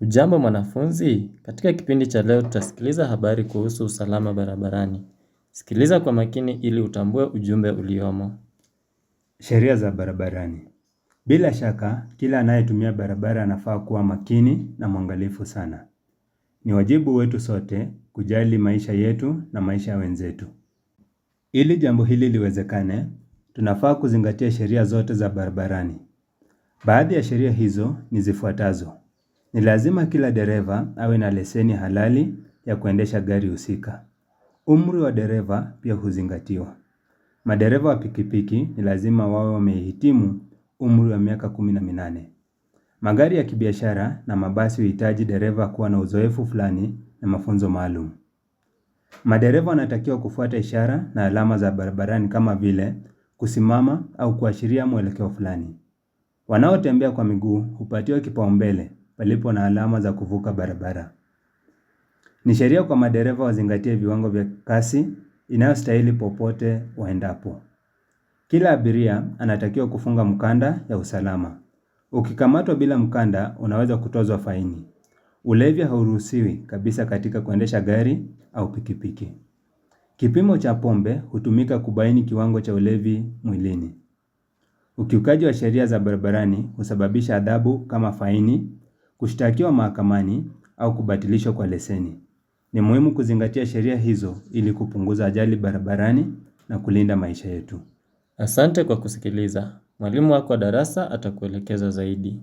ujambo mwanafunzi, katika kipindi cha leo tutasikiliza habari kuhusu usalama barabarani. Sikiliza kwa makini ili utambue ujumbe uliomo. Sheria za barabarani. Bila shaka, kila anayetumia barabara anafaa kuwa makini na mwangalifu sana. Ni wajibu wetu sote kujali maisha yetu na maisha ya wenzetu. Ili jambo hili liwezekane, tunafaa kuzingatia sheria zote za barabarani. Baadhi ya sheria hizo ni zifuatazo. Ni lazima kila dereva awe na leseni halali ya kuendesha gari husika. Umri wa dereva pia huzingatiwa. Madereva wa pikipiki ni lazima wawe wamehitimu umri wa miaka kumi na minane. Magari ya kibiashara na mabasi huhitaji dereva kuwa na uzoefu fulani na mafunzo maalum. Madereva wanatakiwa kufuata ishara na alama za barabarani kama vile kusimama au kuashiria mwelekeo fulani. Wanaotembea kwa miguu hupatiwa kipaumbele palipo na alama za kuvuka barabara. Ni sheria kwa madereva wazingatie viwango vya kasi inayostahili popote waendapo. Kila abiria anatakiwa kufunga mkanda ya usalama. Ukikamatwa bila mkanda, unaweza kutozwa faini. Ulevi hauruhusiwi kabisa katika kuendesha gari au pikipiki. Kipimo cha pombe hutumika kubaini kiwango cha ulevi mwilini. Ukiukaji wa sheria za barabarani husababisha adhabu kama faini kushtakiwa mahakamani au kubatilishwa kwa leseni. Ni muhimu kuzingatia sheria hizo ili kupunguza ajali barabarani na kulinda maisha yetu. Asante kwa kusikiliza. Mwalimu wako wa darasa atakuelekeza zaidi.